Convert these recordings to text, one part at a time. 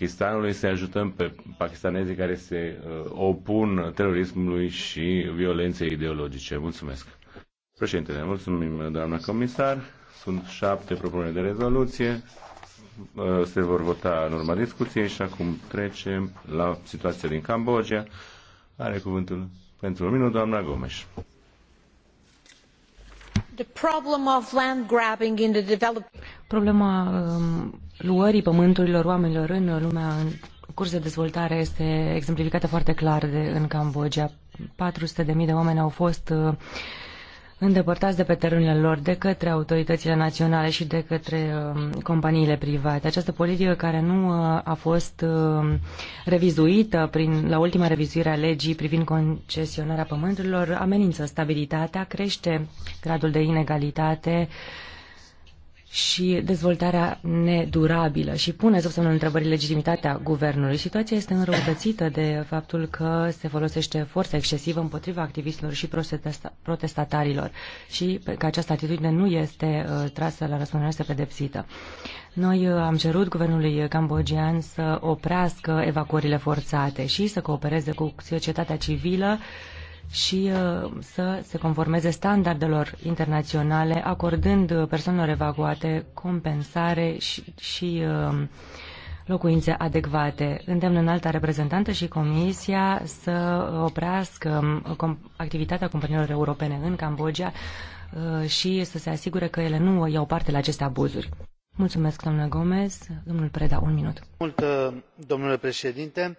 Pakistanului, să ajutăm pe pakistanezii care se uh, opun terorismului și violenței ideologice. Mulțumesc. Președintele, mulțumim, doamna comisar. Sunt șapte propuneri de rezoluție. Uh, se vor vota în urma discuției și acum trecem la situația din Cambodgia. Are cuvântul pentru un minut doamna Gomes. The problem of land grabbing in the developed... Problema um luării pământurilor oamenilor în lumea în curs de dezvoltare este exemplificată foarte clar de, în Cambodgia. 400.000 de oameni au fost uh, îndepărtați de pe terenurile lor de către autoritățile naționale și de către um, companiile private. Această politică care nu uh, a fost uh, revizuită prin, la ultima revizuire a legii privind concesionarea pământurilor amenință stabilitatea, crește gradul de inegalitate, uh, și dezvoltarea nedurabilă și pune sub semnul întrebării legitimitatea guvernului. Situația este înrăutățită de faptul că se folosește forță excesivă împotriva activistilor și protestatarilor și că această atitudine nu este uh, trasă la răspunderea este pedepsită. Noi uh, am cerut guvernului cambogian să oprească evacuările forțate și să coopereze cu societatea civilă și uh, să se conformeze standardelor internaționale, acordând persoanelor evacuate compensare și, și uh, locuințe adecvate. Îndemn alta reprezentantă și Comisia să oprească um, activitatea companiilor europene în Cambodgia uh, și să se asigure că ele nu iau parte la aceste abuzuri. Mulțumesc, domnule Gomez. Domnul Preda, un minut. Mult, domnule președinte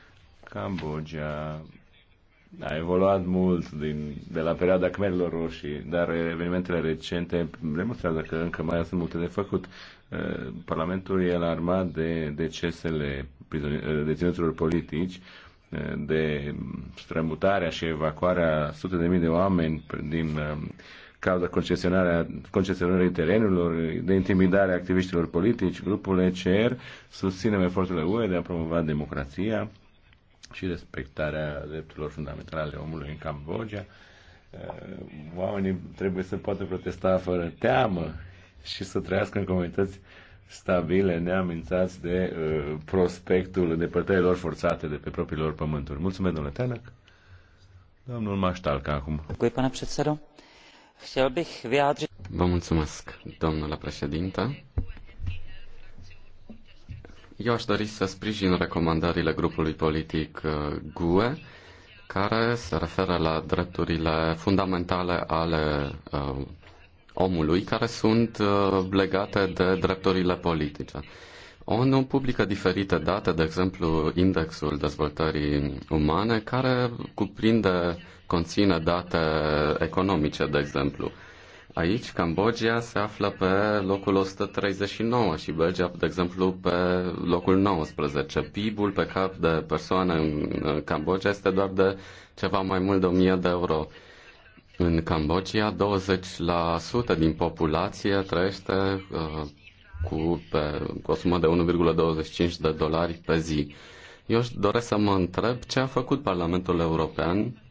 Cambodgia a evoluat mult din, de la perioada Khmerilor Roșii, dar evenimentele recente demonstrează că încă mai sunt multe de făcut. Eh, Parlamentul e alarmat de decesele eh, deținuților politici, eh, de strămutarea și evacuarea sute de mii de oameni din cauza concesionarea, concesionării terenurilor, de intimidarea activiștilor politici, grupul ECR susținem eforturile UE de a promova democrația, și respectarea drepturilor fundamentale ale omului în Cambodgia. Eh, oamenii trebuie să poată protesta fără teamă și să trăiască în comunități stabile, neamințați de uh, prospectul îndepărtării lor forțate de pe propriilor lor pământuri. Mulțumesc, domnule Tenac. Domnul Maștalca acum. Vă mulțumesc, domnule președinte. Eu aș dori să sprijin recomandările grupului politic uh, GUE, care se referă la drepturile fundamentale ale uh, omului, care sunt uh, legate de drepturile politice. ONU publică diferite date, de exemplu indexul dezvoltării umane, care cuprinde, conține date economice, de exemplu. Aici, Cambodgia se află pe locul 139 și Belgia, de exemplu, pe locul 19. PIB-ul pe cap de persoană în Cambodgia este doar de ceva mai mult de 1000 de euro. În Cambodgia, 20% din populație trăiește uh, cu, pe, cu o sumă de 1,25 de dolari pe zi. Eu doresc să mă întreb ce a făcut Parlamentul European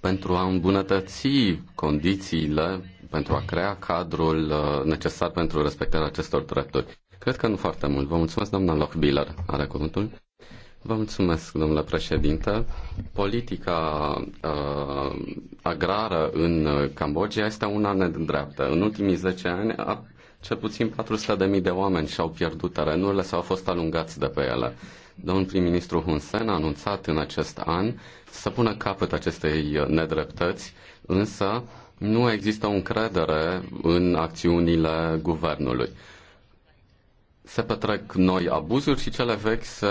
pentru a îmbunătăți condițiile pentru a crea cadrul uh, necesar pentru respectarea acestor drepturi. Cred că nu foarte mult. Vă mulțumesc, doamna Lochbiller. Are cuvântul? Vă mulțumesc, domnule președinte. Politica uh, agrară în Cambodgia este una nedreaptă. În ultimii 10 ani, a, cel puțin 400.000 de oameni și-au pierdut terenurile sau au fost alungați de pe ele. Domnul prim-ministru Hun Sen a anunțat în acest an să pună capăt acestei nedreptăți, însă nu există o încredere în acțiunile guvernului. Se petrec noi abuzuri și cele vechi se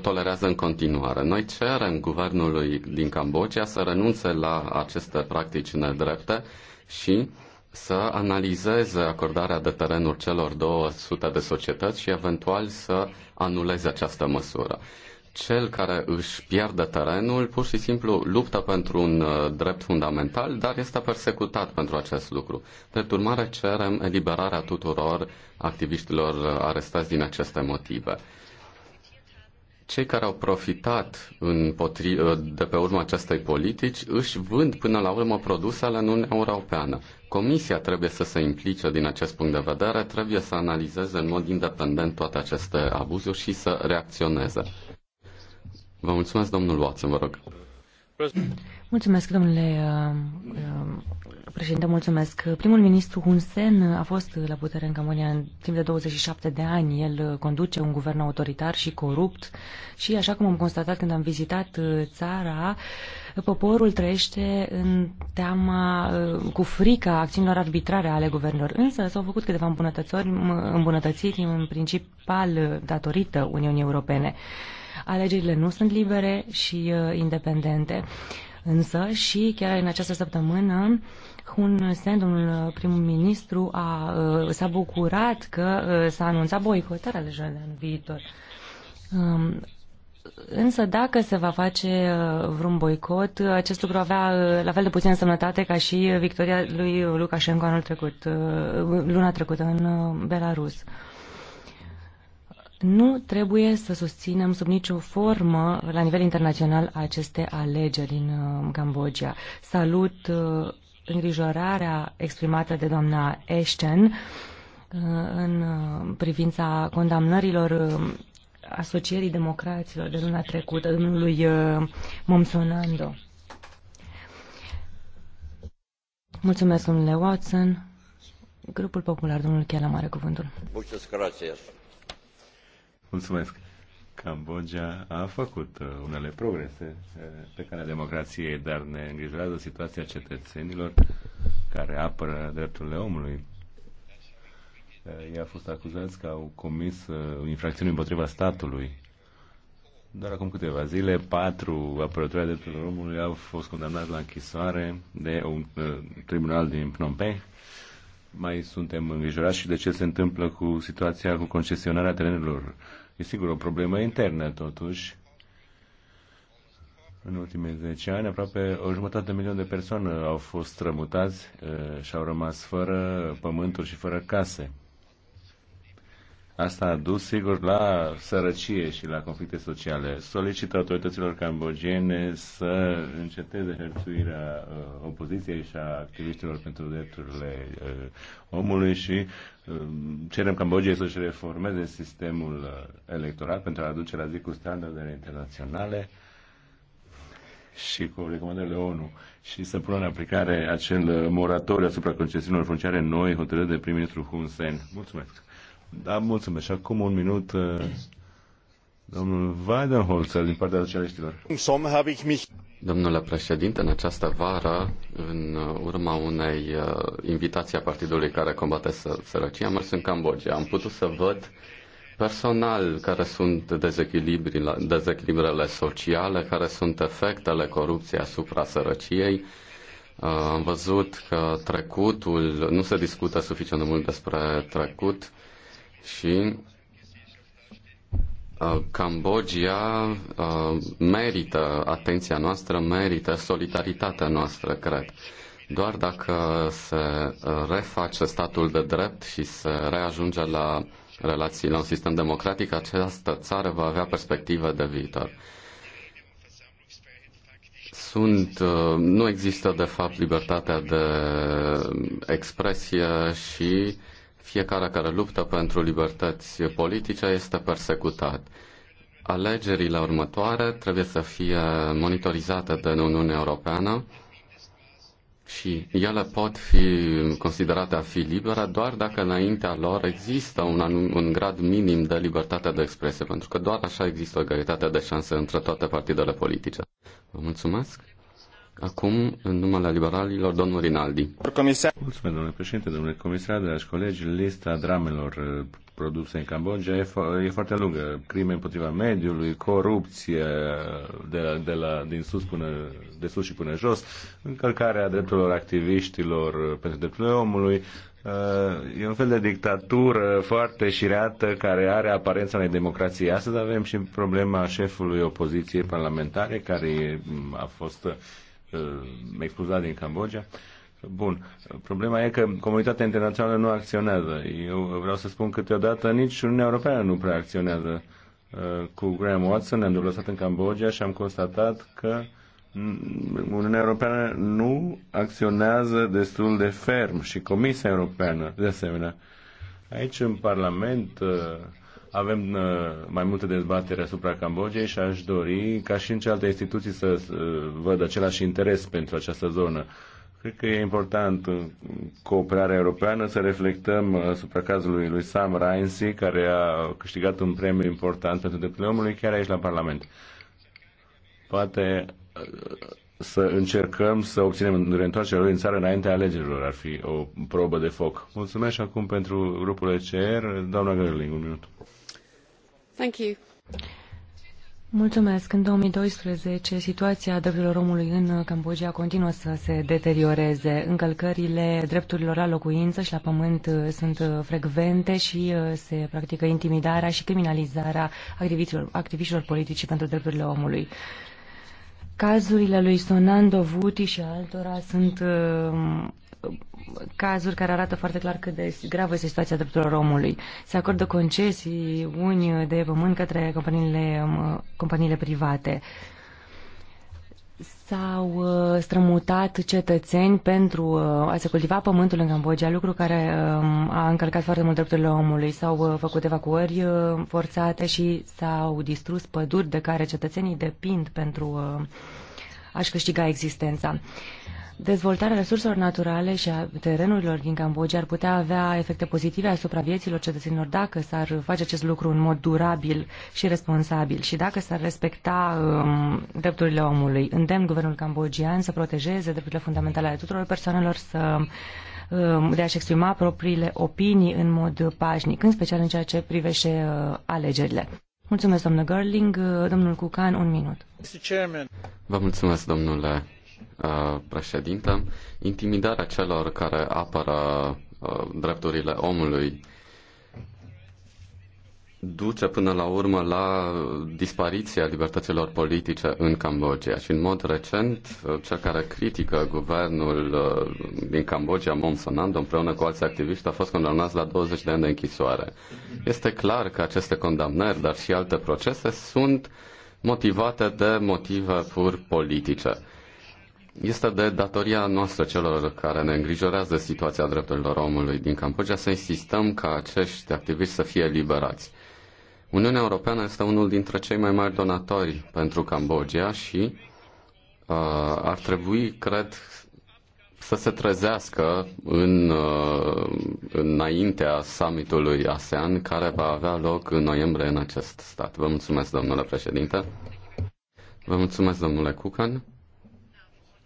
tolerează în continuare. Noi cerem guvernului din Cambodgia să renunțe la aceste practici nedrepte și să analizeze acordarea de terenuri celor 200 de societăți și eventual să anuleze această măsură cel care își pierde terenul pur și simplu luptă pentru un uh, drept fundamental, dar este persecutat pentru acest lucru. Drept urmare, cerem eliberarea tuturor activiștilor uh, arestați din aceste motive. Cei care au profitat în potri- uh, de pe urma acestei politici își vând până la urmă produsele în Uniunea Europeană. Comisia trebuie să se implice din acest punct de vedere, trebuie să analizeze în mod independent toate aceste abuzuri și să reacționeze. Vă mulțumesc, domnul Watson, vă rog. Mulțumesc, domnule uh, uh, președinte, mulțumesc. Primul ministru Hun Sen a fost la putere în Cambodia în timp de 27 de ani. El uh, conduce un guvern autoritar și corupt și, așa cum am constatat când am vizitat țara, poporul trăiește în teama, cu frica acțiunilor arbitrare ale guvernelor. Însă s-au făcut câteva îmbunătățiri, îmbunătățiri în principal datorită Uniunii Europene. Alegerile nu sunt libere și uh, independente. Însă și chiar în această săptămână Hun Sen, domnul uh, prim-ministru, a, uh, s-a bucurat că s-a anunțat boicotarea alegerilor în viitor. Um, însă dacă se va face vreun boicot, acest lucru avea la fel de puțin însemnătate ca și victoria lui Lukashenko anul trecut, luna trecută în Belarus. Nu trebuie să susținem sub nicio formă, la nivel internațional, aceste alegeri în uh, Cambodgia. Salut uh, îngrijorarea exprimată de doamna Ashton uh, în privința condamnărilor asocierii democraților de luna trecută, domnului Momsonando. Mulțumesc, domnule Watson. Grupul Popular, domnul Chelam mare cuvântul. Mulțumesc, gracias. Mulțumesc! Cambodgia a făcut uh, unele progrese uh, pe calea democrației, dar ne îngrijorează situația cetățenilor care apără drepturile omului. Ei uh, au fost acuzați că au comis infracțiuni împotriva statului. Doar acum câteva zile, patru apărători de drepturilor omului au fost condamnați la închisoare de un uh, tribunal din Phnom Penh. Mai suntem îngrijorați și de ce se întâmplă cu situația cu concesionarea terenurilor E sigur o problemă internă, totuși. În ultimii 10 ani, aproape o jumătate de milion de persoane au fost strămutați eh, și au rămas fără pământuri și fără case. Asta a dus, sigur, la sărăcie și la conflicte sociale. Solicit autorităților cambogiene să înceteze hărțuirea uh, opoziției și a activiștilor pentru drepturile uh, omului și uh, cerem Cambogiei să-și reformeze sistemul uh, electoral pentru a aduce la zi cu standardele internaționale și cu recomandările ONU și să pună în aplicare acel moratoriu asupra concesiunilor funciare noi hotărât de prim-ministru Hun Sen. Mulțumesc! Da, mulțumesc. acum un minut, uh, domnul Weidenholzer, din partea socialiștilor. Domnule președinte, în această vară, în uh, urma unei uh, invitații a partidului care combate sărăcia, am mers în Cambodgia. Am putut să văd personal care sunt dezechilibrele sociale, care sunt efectele corupției asupra sărăciei. Am văzut că trecutul, nu se discută suficient de mult despre trecut, și uh, Cambodgia uh, merită atenția noastră, merită solidaritatea noastră, cred. Doar dacă se reface statul de drept și se reajunge la relații, la un sistem democratic, această țară va avea perspective de viitor. Sunt, uh, nu există, de fapt, libertatea de expresie și uh, fiecare care luptă pentru libertăți politice este persecutat. Alegerile următoare trebuie să fie monitorizate de Uniunea Europeană și ele pot fi considerate a fi libere doar dacă înaintea lor există un, anum, un grad minim de libertate de expresie, pentru că doar așa există o egalitate de șanse între toate partidele politice. Vă mulțumesc! Acum, în numele liberalilor, domnul Rinaldi. Comisar. Mulțumesc, domnule președinte, domnule comisar, dragi colegi. Lista dramelor uh, produse în Cambodgia e, fo- e foarte lungă. Crime împotriva mediului, corupție uh, de de la, din sus până, de sus și până jos, încălcarea drepturilor activiștilor uh, pentru drepturile omului, E un fel de dictatură foarte șireată care are aparența unei democrații. Astăzi avem și problema șefului opoziției parlamentare care a fost Uh, expulzat din Cambodgia. Bun. Problema e că comunitatea internațională nu acționează. Eu vreau să spun câteodată nici Uniunea Europeană nu prea acționează. Uh, cu Graham Watson ne-am lăsat în Cambodgia și am constatat că Uniunea Europeană nu acționează destul de ferm și Comisia Europeană de asemenea. Aici în Parlament uh, avem uh, mai multe dezbatere asupra Cambodgiei și aș dori ca și în celelalte instituții să văd același interes pentru această zonă. Cred că e important în cooperarea europeană să reflectăm asupra cazului lui Sam Rainsy, care a câștigat un premiu important pentru drepturile omului chiar aici la Parlament. Poate uh, să încercăm să obținem reîntoarcerea lui în țară înaintea alegerilor. Ar fi o probă de foc. Mulțumesc acum pentru grupul ECR. Doamna Gărling, un minut în două Mulțumesc. În 2012, situația drepturilor omului în Cambodgia continuă să se deterioreze. Încălcările drepturilor la locuină și la pământ uh, sunt uh, frecvente și uh, se practică intimidarea și criminalizarea activiștilor, politici pentru drepturile omului. Cazurile lui Sonando Vuti și altora sunt cazuri care arată foarte clar cât de gravă este situația drepturilor omului. Se acordă concesii uni de pământ către companiile, um, companiile private. S-au uh, strămutat cetățeni pentru uh, a se cultiva pământul în Cambodgia, lucru care um, a încălcat foarte mult drepturile omului. S-au uh, făcut evacuări forțate și s-au distrus păduri de care cetățenii depind pentru a-și câștiga existența. Dezvoltarea resurselor naturale și a terenurilor din Cambodgia ar putea avea efecte pozitive asupra vieților cetățenilor dacă s-ar face acest lucru în mod durabil și responsabil și dacă s-ar respecta um, drepturile omului. Îndemn guvernul cambogian să protejeze drepturile fundamentale ale tuturor persoanelor să um, de a-și exprima propriile opinii în mod pașnic, în special în ceea ce privește uh, alegerile. Mulțumesc, domnul Gerling. Uh, domnul Cucan, un minut. Vă mulțumesc, domnule Uh, președintă, Intimidarea celor care apără uh, drepturile omului duce până la urmă la dispariția libertăților politice în Cambodgia și în mod recent uh, cel care critică guvernul din Cambodgia, Mom Sonando, împreună cu alți activiști, a fost condamnat la 20 de ani de închisoare. Este clar că aceste condamnări, dar și alte procese, sunt motivate de motive pur politice. Este de datoria noastră celor care ne îngrijorează situația drepturilor omului din Cambodgia să insistăm ca acești activiști să fie liberați. Uniunea Europeană este unul dintre cei mai mari donatori pentru Cambodgia și uh, ar trebui, cred, să se trezească în, uh, înaintea summitului ASEAN care va avea loc în noiembrie în acest stat. Vă mulțumesc, domnule președinte. Vă mulțumesc, domnule Cucan.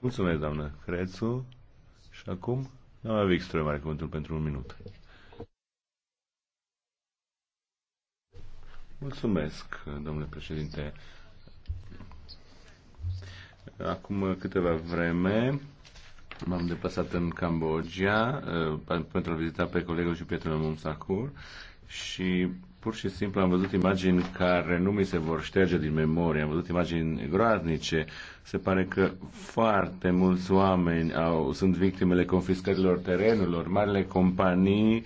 Mulțumesc, doamnă Crețu. Și acum, doamna Wikström are cuvântul pentru un minut. Mulțumesc, domnule președinte. Acum câteva vreme m-am deplasat în Cambodgia eh, pentru a vizita pe colegul și prietenul Mumsakur și pur și simplu am văzut imagini care nu mi se vor șterge din memorie, am văzut imagini groaznice. Se pare că foarte mulți oameni au, sunt victimele confiscărilor terenurilor, marile companii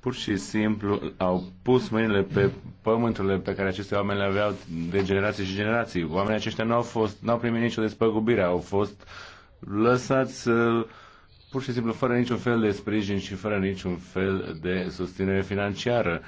pur și simplu au pus mâinile pe pământurile pe care aceste oameni le aveau de generații și generații. Oamenii aceștia nu au fost, n-au primit nicio despăgubire, au fost lăsați uh, pur și simplu fără niciun fel de sprijin și fără niciun fel de susținere financiară.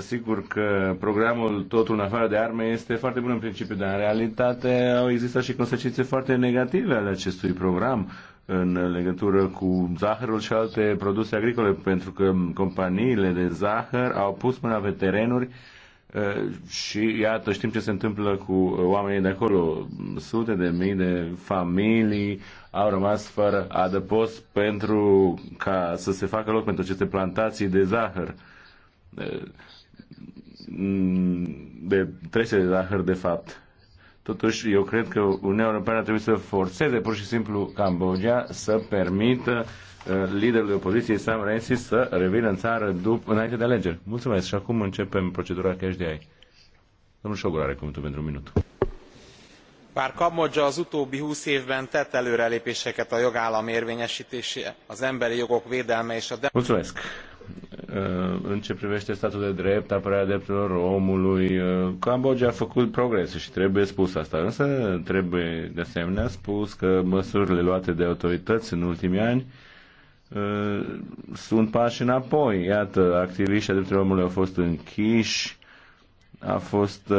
Sigur că programul Totul în afară de arme este foarte bun în principiu, dar în realitate au existat și consecințe foarte negative ale acestui program în legătură cu zahărul și alte produse agricole, pentru că companiile de zahăr au pus mâna pe terenuri eh, și iată, știm ce se întâmplă cu oamenii de acolo. Sute de mii de familii au rămas fără adăpost pentru ca să se facă loc pentru aceste plantații de zahăr eh, Mm, de trece de zahăr de fapt. Totuși, eu cred că Uniunea Europeană trebuie să forțeze pur și simplu Cambodgia să permită uh, liderului opoziției Sam Rainsy să revină în țară după, înainte de alegeri. Mulțumesc și acum începem procedura cash de ai. Domnul Șogor are cuvântul pentru un minut. Bár Kambodzsa az utóbbi húsz évben tett előrelépéseket a jogállam érvényesítése, az emberi jogok védelme és a... Mulțumesc. Uh, în ce privește statul de drept, apărarea drepturilor omului, uh, Cambodgia a făcut progrese și trebuie spus asta. Însă trebuie de asemenea spus că măsurile luate de autorități în ultimii ani uh, sunt pași înapoi. Iată, activiștii drepturilor omului au fost închiși, a fost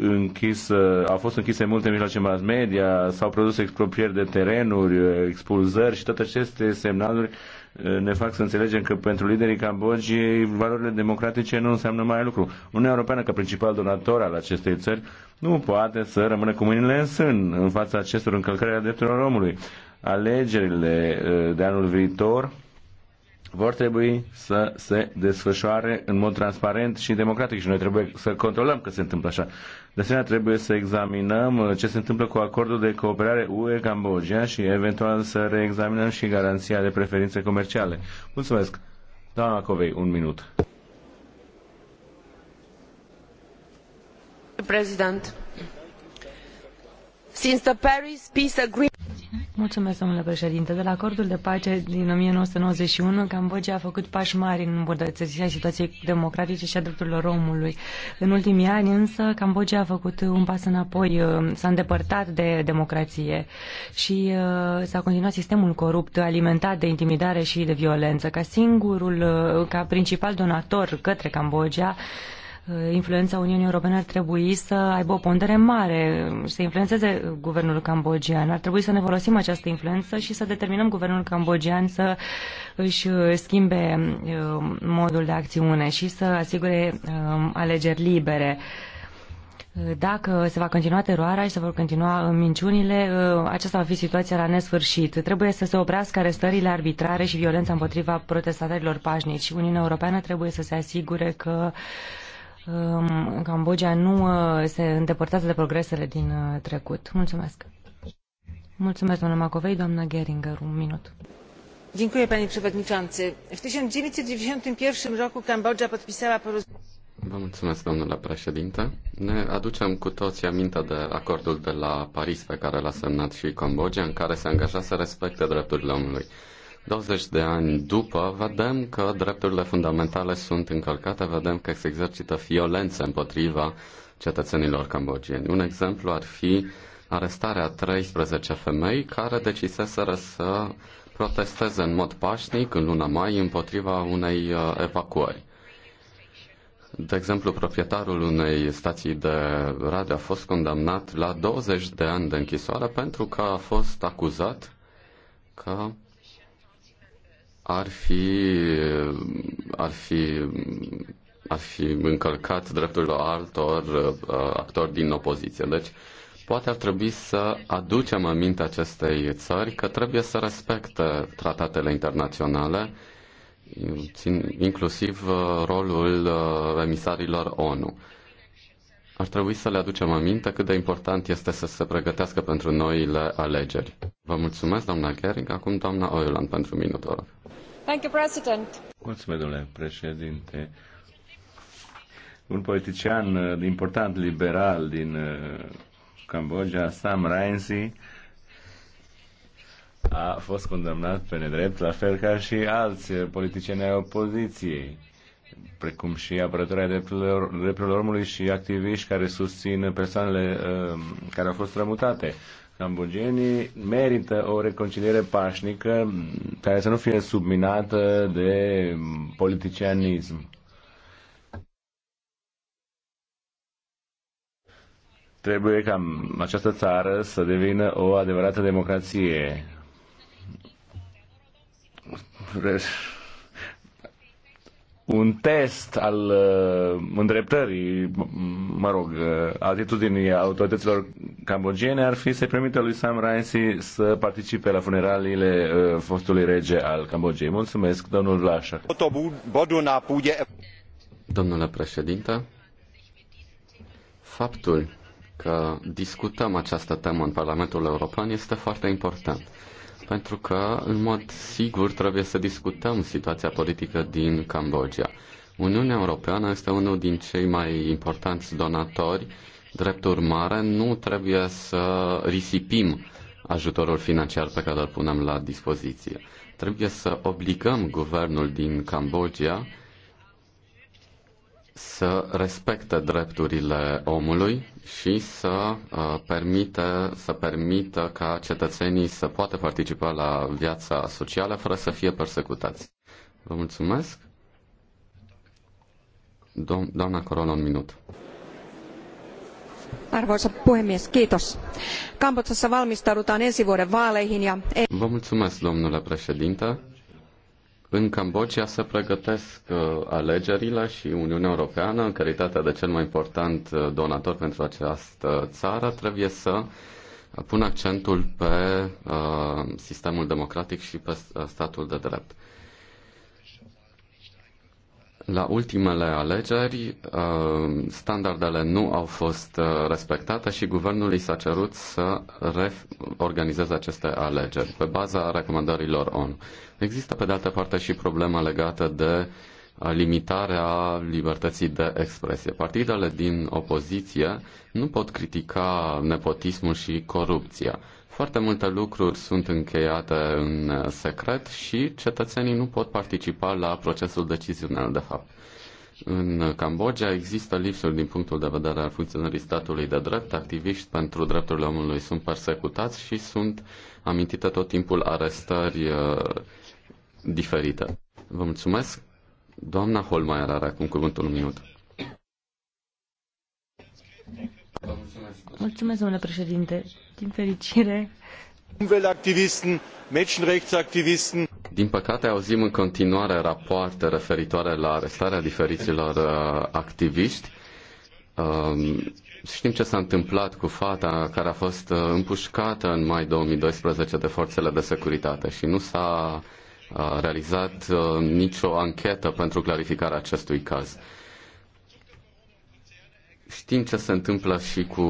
închis, au fost închise multe mijloace mass media, s-au produs expropieri de terenuri, expulzări și toate aceste semnaluri eh, ne fac să înțelegem că pentru liderii Cambodgiei valorile democratice nu înseamnă mai lucru. Uniunea Europeană, ca principal donator al acestei țări, nu poate să rămână cu mâinile în sân în fața acestor încălcări ale drepturilor omului. Alegerile eh, de anul viitor vor trebui să se desfășoare în mod transparent și democratic și noi trebuie să controlăm că se întâmplă așa. De asemenea, trebuie să examinăm uh, ce se întâmplă cu acordul de cooperare UE-Cambodgia și eventual să reexaminăm și garanția de preferințe comerciale. Mulțumesc! Doamna Covei, un minut. President, since the Paris Peace Agreement Mulțumesc, domnule președinte. De la acordul de pace din 1991, Cambodgia a făcut pași mari în îmbunătățirea situației democratice și a drepturilor omului. În ultimii ani, însă, Cambodgia a făcut un pas înapoi, uh, s-a îndepărtat de democrație și uh, s-a continuat sistemul corupt alimentat de intimidare și de violență. Ca singurul, uh, ca principal donator către Cambodgia, Eh, influența Uniunii Europene ar trebui să aibă o pondere mare, să influențeze guvernul cambogian. Ar trebui să ne folosim această influență și să determinăm guvernul cambogian să își eh, schimbe eh, modul de acțiune și să asigure alegeri libere. Dacă se va continua teroarea și se vor continua minciunile, aceasta va fi situația la nesfârșit. Trebuie să se oprească arestările arbitrare și violența împotriva protestatarilor pașnici. Uniunea Europeană trebuie să se asigure că uh, Cambodgia nu uh, se îndepărtează de progresele din uh, trecut. Mulțumesc. Mulțumesc, doamna Macovei. Doamna Geringer, un minut. Dziękuję, panie przewodniczący. W 1991 roku Kambodża podpisała porozumienie. Vă mulțumesc, domnule președinte. Ne aducem cu toții aminte de acordul de la Paris pe care l-a semnat și Cambodgia, în care se angaja să respecte drepturile omului. 20 de ani după, vedem că drepturile fundamentale sunt încălcate, vedem că se exercită violență împotriva cetățenilor cambogieni. Un exemplu ar fi arestarea 13 femei care deciseseră să protesteze în mod pașnic în luna mai împotriva unei uh, evacuări. De exemplu, proprietarul unei stații de radio a fost condamnat la 20 de ani de închisoare pentru că a fost acuzat că ar fi, ar fi, ar fi încălcat drepturile altor uh, actori din opoziție. Deci, poate ar trebui să aducem în minte acestei țări că trebuie să respecte tratatele internaționale, inclusiv uh, rolul uh, emisarilor ONU. Ar trebui să le aducem aminte cât de important este să se pregătească pentru noile alegeri. Vă mulțumesc, doamna Gering. Acum, doamna Oiland, pentru minutul. Thank you, President. Mulțumesc, domnule președinte. Un politician uh, important liberal din uh, Cambodgia, Sam Rainsy, a fost condamnat pe nedrept, la fel ca și alți uh, politicieni ai opoziției precum și apărătoarea drepturilor, drepturilor omului și activiști care susțin persoanele uh, care au fost rămutate. Cambogenii merită o reconciliere pașnică care să nu fie subminată de politicianism. Trebuie ca această țară să devină o adevărată democrație un test al uh, îndreptării, mă rog, uh, atitudinii autorităților cambogiene ar fi să-i permită lui Sam Rainsy să participe la funeraliile uh, fostului rege al Cambogiei. Mulțumesc, domnul Vlașa. Domnule președinte, faptul că discutăm această temă în Parlamentul European este foarte important pentru că, în mod sigur, trebuie să discutăm situația politică din Cambodgia. Uniunea Europeană este unul din cei mai importanți donatori. Drept urmare, nu trebuie să risipim ajutorul financiar pe care îl punem la dispoziție. Trebuie să obligăm guvernul din Cambodgia să respecte drepturile omului și să uh, permite, să permită ca cetățenii să poată participa la viața socială fără să fie persecutați. Vă mulțumesc. Do- doamna Corona, un minut. Arvoisa puhemies, kiitos. Kambodsassa valmistaudutaan ensi vuoden vaaleihin ja... Vă mulțumesc, domnule președinte în Cambodgia se pregătesc uh, alegerile și Uniunea Europeană, în calitatea de cel mai important uh, donator pentru această țară, trebuie să pună accentul pe uh, sistemul democratic și pe statul de drept. La ultimele alegeri, uh, standardele nu au fost uh, respectate și guvernul i s-a cerut să organizeze aceste alegeri pe baza recomandărilor ONU. Există, pe de altă parte, și problema legată de uh, limitarea libertății de expresie. Partidele din opoziție nu pot critica nepotismul și corupția. Foarte multe lucruri sunt încheiate în secret și cetățenii nu pot participa la procesul decizional, de fapt. În Cambodgia există lipsuri din punctul de vedere al funcționării statului de drept, activiști pentru drepturile omului sunt persecutați și sunt amintite tot timpul arestări uh, diferite. Vă mulțumesc! Doamna Holmeier are acum cuvântul un minut. Mulțumesc. Mulțumesc, domnule președinte. Din fericire. Umweltaktivisten, Menschenrechtsaktivisten. Din păcate auzim în continuare rapoarte referitoare la arestarea diferiților uh, activiști. Uh, știm ce s-a întâmplat cu fata care a fost uh, împușcată în mai 2012 de forțele de securitate și nu s-a uh, realizat uh, nicio anchetă pentru clarificarea acestui caz. Știm ce se întâmplă și cu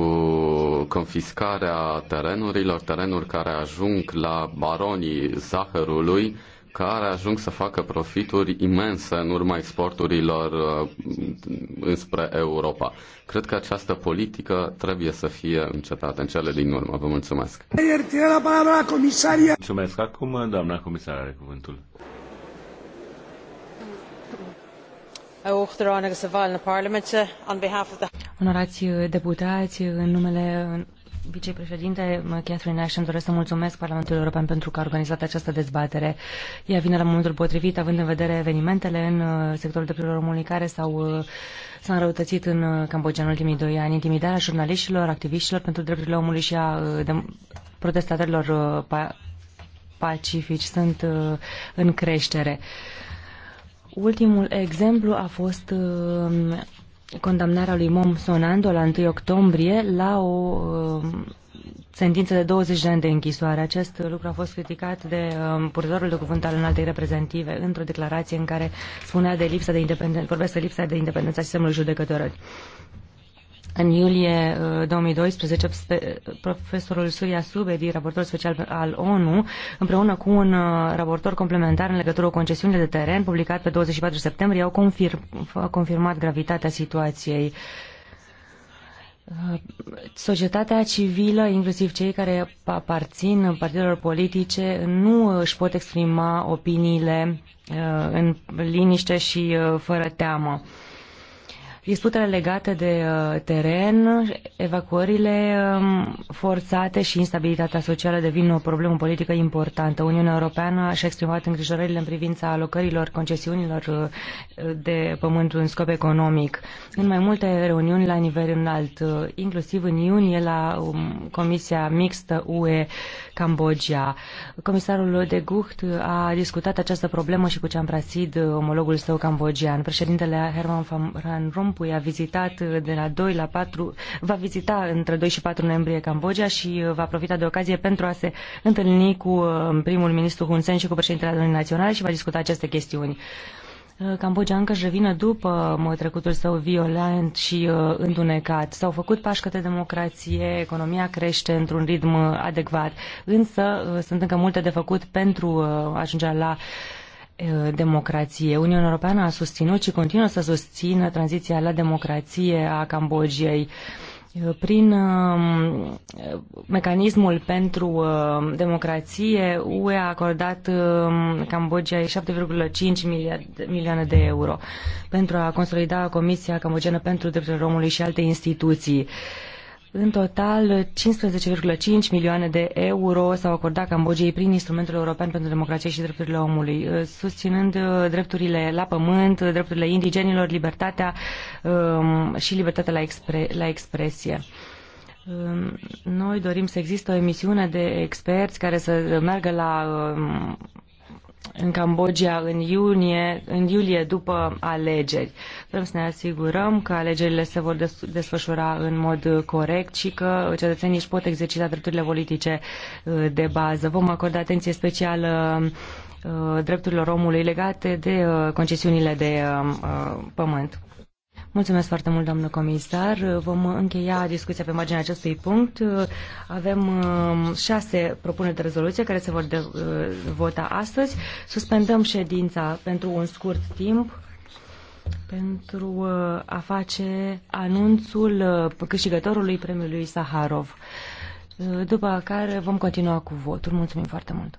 confiscarea terenurilor, terenuri care ajung la baronii zahărului, care ajung să facă profituri imense în urma exporturilor uh, înspre Europa. Cred că această politică trebuie să fie încetată în cele din urmă. Vă mulțumesc. Mulțumesc. Acum, doamna comisar are cuvântul. Eh, Onorați deputați, în numele Vicepreședinte Catherine Ashton, doresc să mulțumesc Parlamentului European pentru că a organizat această dezbatere. Ea vine la momentul potrivit, având în vedere evenimentele în uh, sectorul drepturilor omului care s-au uh, s-a înrăutățit în uh, Cambodgia în ultimii doi ani. Intimidarea jurnaliștilor, activiștilor pentru drepturile omului și a de, protestatorilor pa, pacifici sunt în creștere. Ultimul exemplu a fost condamnarea lui Mom Sonando la 1 octombrie la o um, sentință de 20 de ani de închisoare. Acest lucru a fost criticat de uh, purtătorul de cuvânt al înaltei reprezentative într-o declarație în care spunea de lipsa de independență, vorbesc de lipsa de independență a sistemului Uh, în iulie 2012, uh, uh, profesorul Surya Subedi, raportor special al ONU, împreună cu un uh, raportor complementar în legătură cu concesiunile de teren, publicat pe 24 septembrie, au confirm, confirmat gravitatea situației. Societatea civilă, inclusiv cei care aparțin partidelor politice, nu își pot exprima opiniile în liniște și fără teamă disputele legate de uh, teren, evacuările um, forțate și instabilitatea socială devin o problemă politică importantă. Uniunea Europeană și-a exprimat îngrijorările în privința alocărilor concesiunilor uh, de pământ în scop economic. În mai multe reuniuni la nivel înalt, uh, inclusiv în iunie la um, Comisia Mixtă UE-Cambodgia. Comisarul de Gucht a discutat această problemă și cu Ceamprasid, omologul său cambogian. Președintele Herman Van Rompuy Rompuy a vizitat uh, de la 2 la 4, va vizita între 2 și 4 noiembrie Cambodgia și uh, va profita de ocazie pentru a se întâlni cu uh, primul ministru Hun Sen și cu președintele Adunării Naționale și va discuta aceste chestiuni. Cambogia încă își revină după trecutul său violent și uh, întunecat. S-au făcut pași către democrație, economia crește într-un ritm adecvat, însă uh, sunt încă multe de făcut pentru uh, ajunge la uh, democrație. Uniunea Europeană a susținut și continuă să susțină tranziția la democrație a Cambodgiei prin mecanismul pentru democrație, UE a acordat Cambodgiei 7,5 milioane de euro pentru a consolida Comisia Cambogiană pentru Drepturile Omului și alte instituții. În total, 15,5 milioane de euro s-au acordat Cambodgiei prin instrumentul european pentru democrație și drepturile omului, uh, susținând uh, drepturile la pământ, uh, drepturile indigenilor, libertatea um, și libertatea la, expre- la expresie. Um, noi dorim să există o emisiune de experți care să meargă la um, în Cambodgia în iunie, în iulie după alegeri. Vrem să ne asigurăm că alegerile se vor desfășura în mod corect și că cetățenii își pot exercita drepturile politice uh, de bază. Vom acorda atenție specială uh, drepturilor omului legate de uh, concesiunile de pământ. Mulțumesc foarte mult, doamnă comisar. Vom încheia discuția pe marginea acestui punct. Avem um, șase propuneri de rezoluție care se vor de, uh, vota astăzi. Suspendăm ședința pentru un scurt timp pentru uh, a face anunțul uh, câștigătorului premiului Saharov, după care vom continua cu votul. Mulțumim foarte mult!